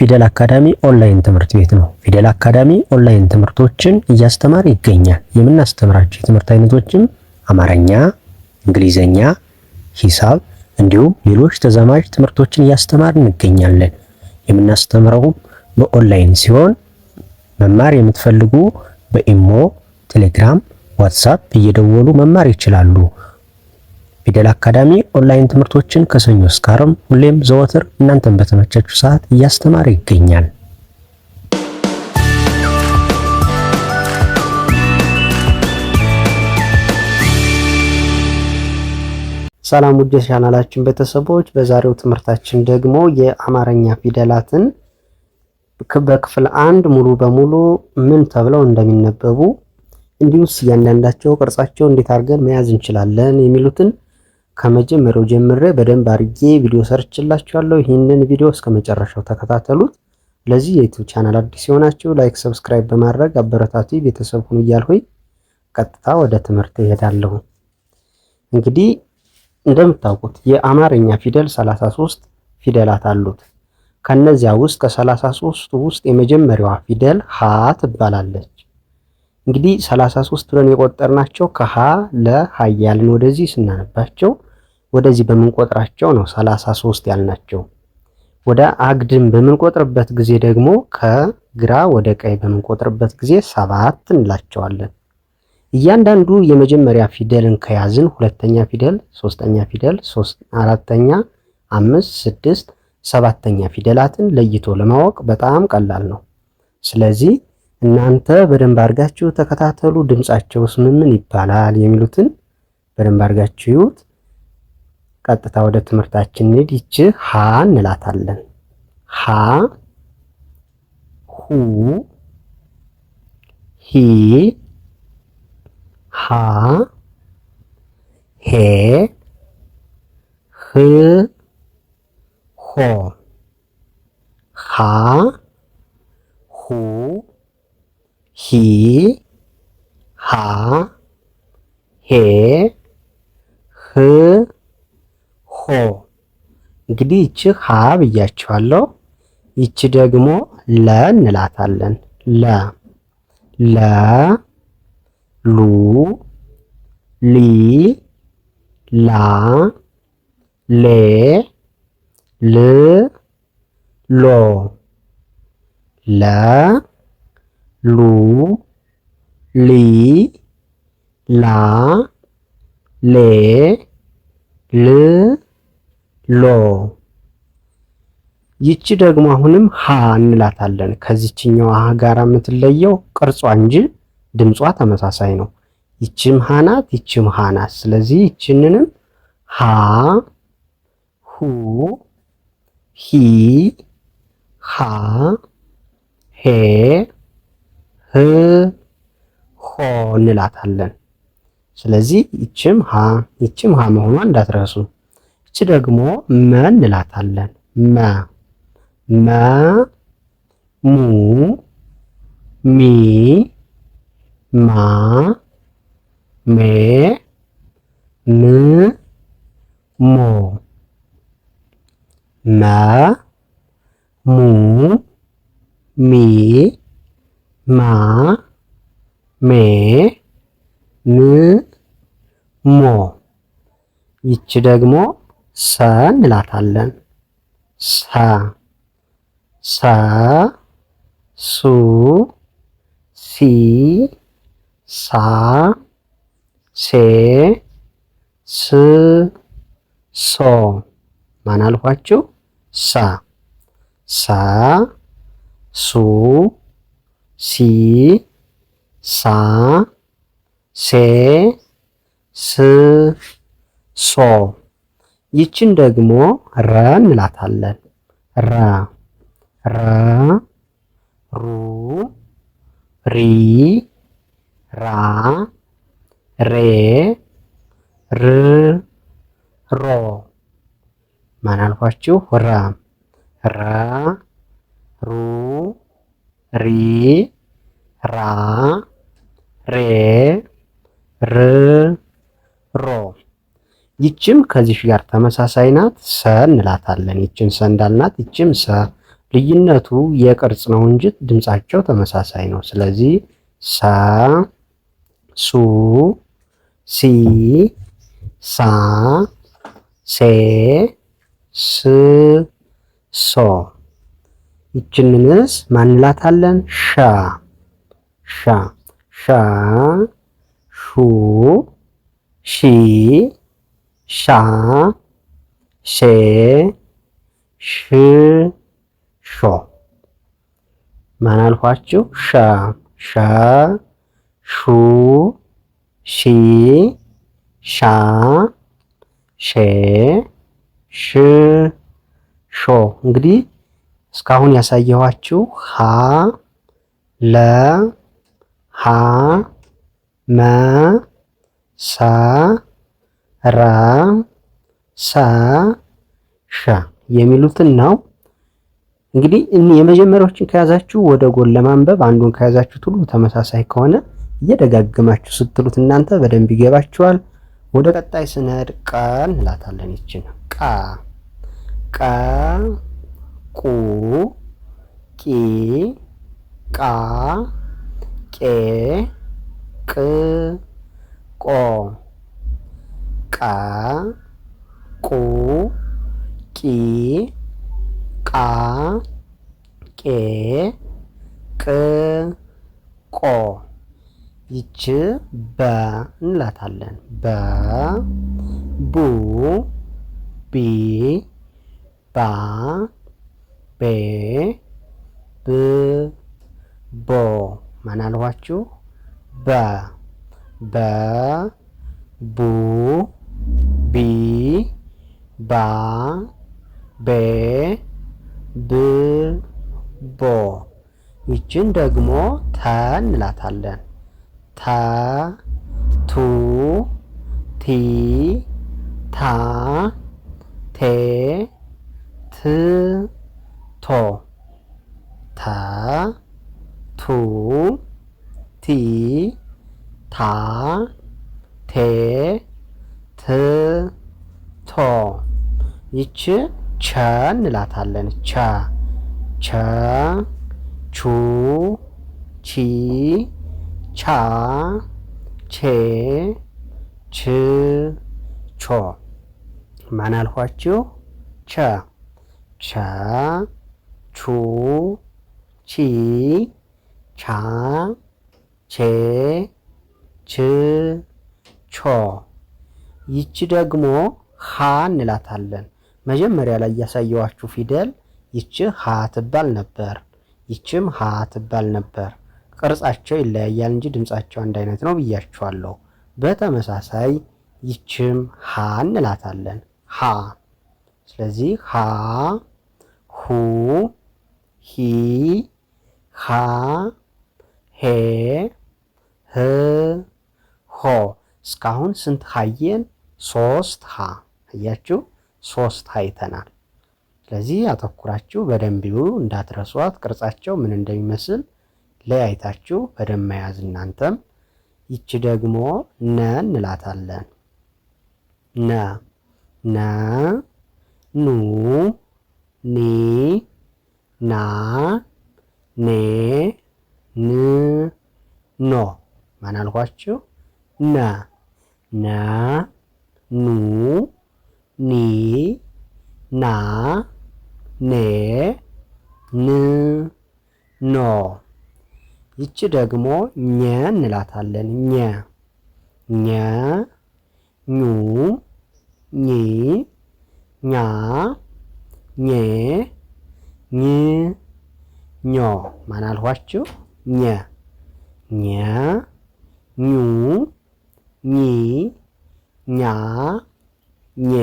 ፊደል አካዳሚ ኦንላይን ትምህርት ቤት ነው። ፊደል አካዳሚ ኦንላይን ትምህርቶችን እያስተማር ይገኛል። የምናስተምራቸው የትምህርት አይነቶችም አማርኛ፣ እንግሊዘኛ፣ ሂሳብ እንዲሁም ሌሎች ተዛማጅ ትምህርቶችን እያስተማር እንገኛለን። የምናስተምረውም በኦንላይን ሲሆን መማር የምትፈልጉ በኢሞ፣ ቴሌግራም፣ ዋትሳፕ እየደወሉ መማር ይችላሉ። ፊደል አካዳሚ ኦንላይን ትምህርቶችን ከሰኞ እስከ ዓርብ ሁሌም ዘወትር እናንተን በተመቻችሁ ሰዓት እያስተማረ ይገኛል። ሰላም ውድ ቻናላችን ቤተሰቦች፣ በዛሬው ትምህርታችን ደግሞ የአማርኛ ፊደላትን በክፍል አንድ ሙሉ በሙሉ ምን ተብለው እንደሚነበቡ እንዲሁስ እያንዳንዳቸው ቅርጻቸው እንዴት አድርገን መያዝ እንችላለን የሚሉትን ከመጀመሪያው ጀምሬ በደንብ አድርጌ ቪዲዮ ሰርችላችኋለሁ። ይህንን ቪዲዮ እስከ መጨረሻው ተከታተሉት። ለዚህ የዩቲዩብ ቻናል አዲስ የሆናችሁ ላይክ፣ ሰብስክራይብ በማድረግ አበረታቱ ቤተሰብ ሁኑ እያልኩኝ ቀጥታ ወደ ትምህርት እሄዳለሁ። እንግዲህ እንደምታውቁት የአማርኛ ፊደል 33 ፊደላት አሉት። ከነዚያ ውስጥ ከ 33 ውስጥ የመጀመሪያዋ ፊደል ሀ ትባላለች። እንግዲህ 33 ብለን የቆጠርናቸው ከሀ ለሀ እያልን ወደዚህ ስናነባቸው ወደዚህ በምንቆጥራቸው ነው ሰላሳ ሶስት ያልናቸው። ወደ አግድም በምንቆጥርበት ጊዜ ደግሞ ከግራ ወደ ቀኝ በምንቆጥርበት ጊዜ ሰባት እንላቸዋለን። እያንዳንዱ የመጀመሪያ ፊደልን ከያዝን ሁለተኛ ፊደል፣ ሶስተኛ ፊደል፣ አራተኛ፣ አምስት፣ ስድስት፣ ሰባተኛ ፊደላትን ለይቶ ለማወቅ በጣም ቀላል ነው። ስለዚህ እናንተ በደንብ አድርጋችሁ ተከታተሉ። ድምፃቸውስ ምን ምን ይባላል የሚሉትን በደንብ አድርጋችሁ ቀጥታ ወደ ትምህርታችን እንሂድ። ይቺ ሀ እንላታለን። ሀ ሁ ሂ ሃ ሄ ህ ሆ ሀ ሁ ሂ ሀ ሄ እንግዲህ ይቺ ሀ ብያችኋለሁ። ይቺ ደግሞ ለ እንላታለን። ለ ለ ሉ ሊ ላ ሌ ል ሎ ለ ሉ ሊ ላ ሌ ል ሎ ይቺ ደግሞ አሁንም ሀ እንላታለን። ከዚችኛው ሀ ጋር የምትለየው ቅርጿ እንጂ ድምጿ ተመሳሳይ ነው። ይችም ሀ ናት፣ ይችም ሀ ናት። ስለዚህ ይችንንም ሀ ሁ ሂ ሀ ሄ ህ ሆ እንላታለን። ስለዚህ ይችም ሀ ይችም ሀ መሆኗ እንዳትረሱ። እች ደግሞ መ እንላታለን። መ መ ሙ ሚ ማ ሜ ም ሞ መ ሙ ሚ ማ ሜ ም ሞ ይቺ ደግሞ ሰ እንላታለን። ሰ ሰ ሱ ሲ ሳ ሴ ስ ሶ ማን አልኳችሁ? ሳ ሳ ሱ ሲ ሳ ሴ ስ ሶ ይችን ደግሞ ረ እንላታለን። ራ ራ ሩ ሪ ራ ሬ ር ሮ ማን አልኳችሁ? ራ ራ ሩ ሪ ራ ሬ ር ሮ ይችም ከዚህ ጋር ተመሳሳይ ናት። ሰ እንላታለን። ይችን ሰ እንዳልናት ይችም ሰ። ልዩነቱ የቅርጽ ነው እንጂ ድምጻቸው ተመሳሳይ ነው። ስለዚህ ሰ፣ ሱ፣ ሲ፣ ሳ፣ ሴ፣ ስ፣ ሶ። ይችንንስ ማን እንላታለን? ሻ፣ ሻ፣ ሻ፣ ሹ፣ ሺ ሻ ሼ ሽ ሾ ማን አልኳችሁ? ሻ ሸ ሹ ሺ ሻ ሼ ሽ ሾ እንግዲህ እስካሁን ያሳየኋችሁ ሀ ለ ሀ መ ሰ ራ ሳ ሻ የሚሉትን ነው። እንግዲህ የመጀመሪያዎችን ከያዛችሁ ወደ ጎን ለማንበብ አንዱን ከያዛችሁት ሁሉ ተመሳሳይ ከሆነ እየደጋገማችሁ ስትሉት እናንተ በደንብ ይገባችኋል። ወደ ቀጣይ ስንሄድ ቃ እንላታለን። ይችን ቃ ቃ ቁ ቂ ቃ ቄ ቅ ቆ ቃ ቁ ቂ ቃ ቄ ቅ ቆ ይች በ እንላታለን። በ ቡ ቢ ባ ቤ ብ ቦ ማን አልኋችሁ? በ በ ቡ ቢ ባ ቤ ብ ቦ። ይችን ደግሞ ተ እንላታለን። ተ ቱ ቲ ታ ቴ ት ቶ ተ ቱ ቲ ይች ቸ እንላታለን። ቸ ቸ ቹ ቺ ቻ ቼ ች ቾ ማን አልኋችሁ? ቸ ቸ ቹ ቺ ቻ ቼ ች ቾ ይቺ ደግሞ ሃ እንላታለን። መጀመሪያ ላይ ያሳየዋችሁ ፊደል ይቺ ሀ ትባል ነበር። ይችም ሀ ትባል ነበር። ቅርጻቸው ይለያያል እንጂ ድምጻቸው አንድ አይነት ነው ብያችኋለሁ። በተመሳሳይ ይችም ሀ እንላታለን። ሀ ስለዚህ ሀ፣ ሁ፣ ሂ፣ ሀ ሄ፣ ህ፣ ሆ። እስካሁን ስንት ሀየን? ሶስት ሀ። አያችሁ? ሶስት አይተናል። ስለዚህ አተኩራችሁ በደንብ ይሁኑ እንዳትረሷት። ቅርጻቸው ምን እንደሚመስል ለያይታችሁ በደንብ መያዝ እናንተም። ይቺ ደግሞ ነ እንላታለን። ነ ነ ኑ ኒ ና ኔ ን ኖ ማን አልኳችሁ? ነ ነ ኑ ኒ ና ኔ ን ኖ ይቺ ደግሞ ኘ እንላታለን። ኘ ኘ ኙ ኚ ኛ ኘ ኝ ኞ ማን አልኋችሁ? ኘ ኘ ኙ ኚ ኛ ኘ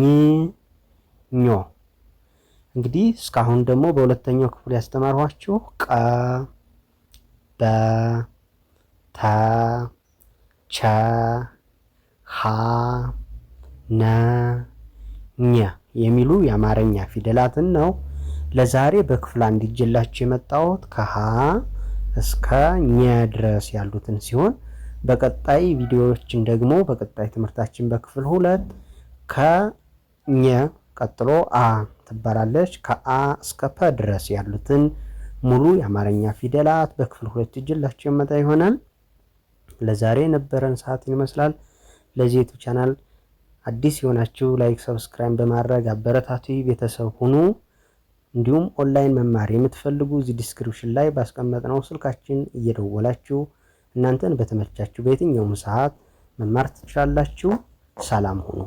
ኝ ኞ እንግዲህ እስካሁን ደግሞ በሁለተኛው ክፍል ያስተማርኋችሁ ቀ በ ተ ቸ ሀ ነ ኘ የሚሉ የአማርኛ ፊደላትን ነው። ለዛሬ በክፍል አንድ ይዤላችሁ የመጣሁት ከሀ እስከ ኘ ድረስ ያሉትን ሲሆን በቀጣይ ቪዲዮዎችን ደግሞ በቀጣይ ትምህርታችን በክፍል ሁለት ከኘ ቀጥሎ አ ትባላለች። ከአ እስከ ፐ ድረስ ያሉትን ሙሉ የአማርኛ ፊደላት በክፍል ሁለት እጅላቸው የመጣ ይሆናል። ለዛሬ የነበረን ሰዓት ይመስላል። ለዚህ ዩቱብ ቻናል አዲስ የሆናችሁ ላይክ፣ ሰብስክራይብ በማድረግ አበረታቱ ቤተሰብ ሁኑ። እንዲሁም ኦንላይን መማር የምትፈልጉ እዚህ ዲስክሪፕሽን ላይ ባስቀመጥነው ስልካችን እየደወላችሁ እናንተን በተመቻችሁ በየትኛውም ሰዓት መማር ትችላላችሁ። ሰላም ሁኑ።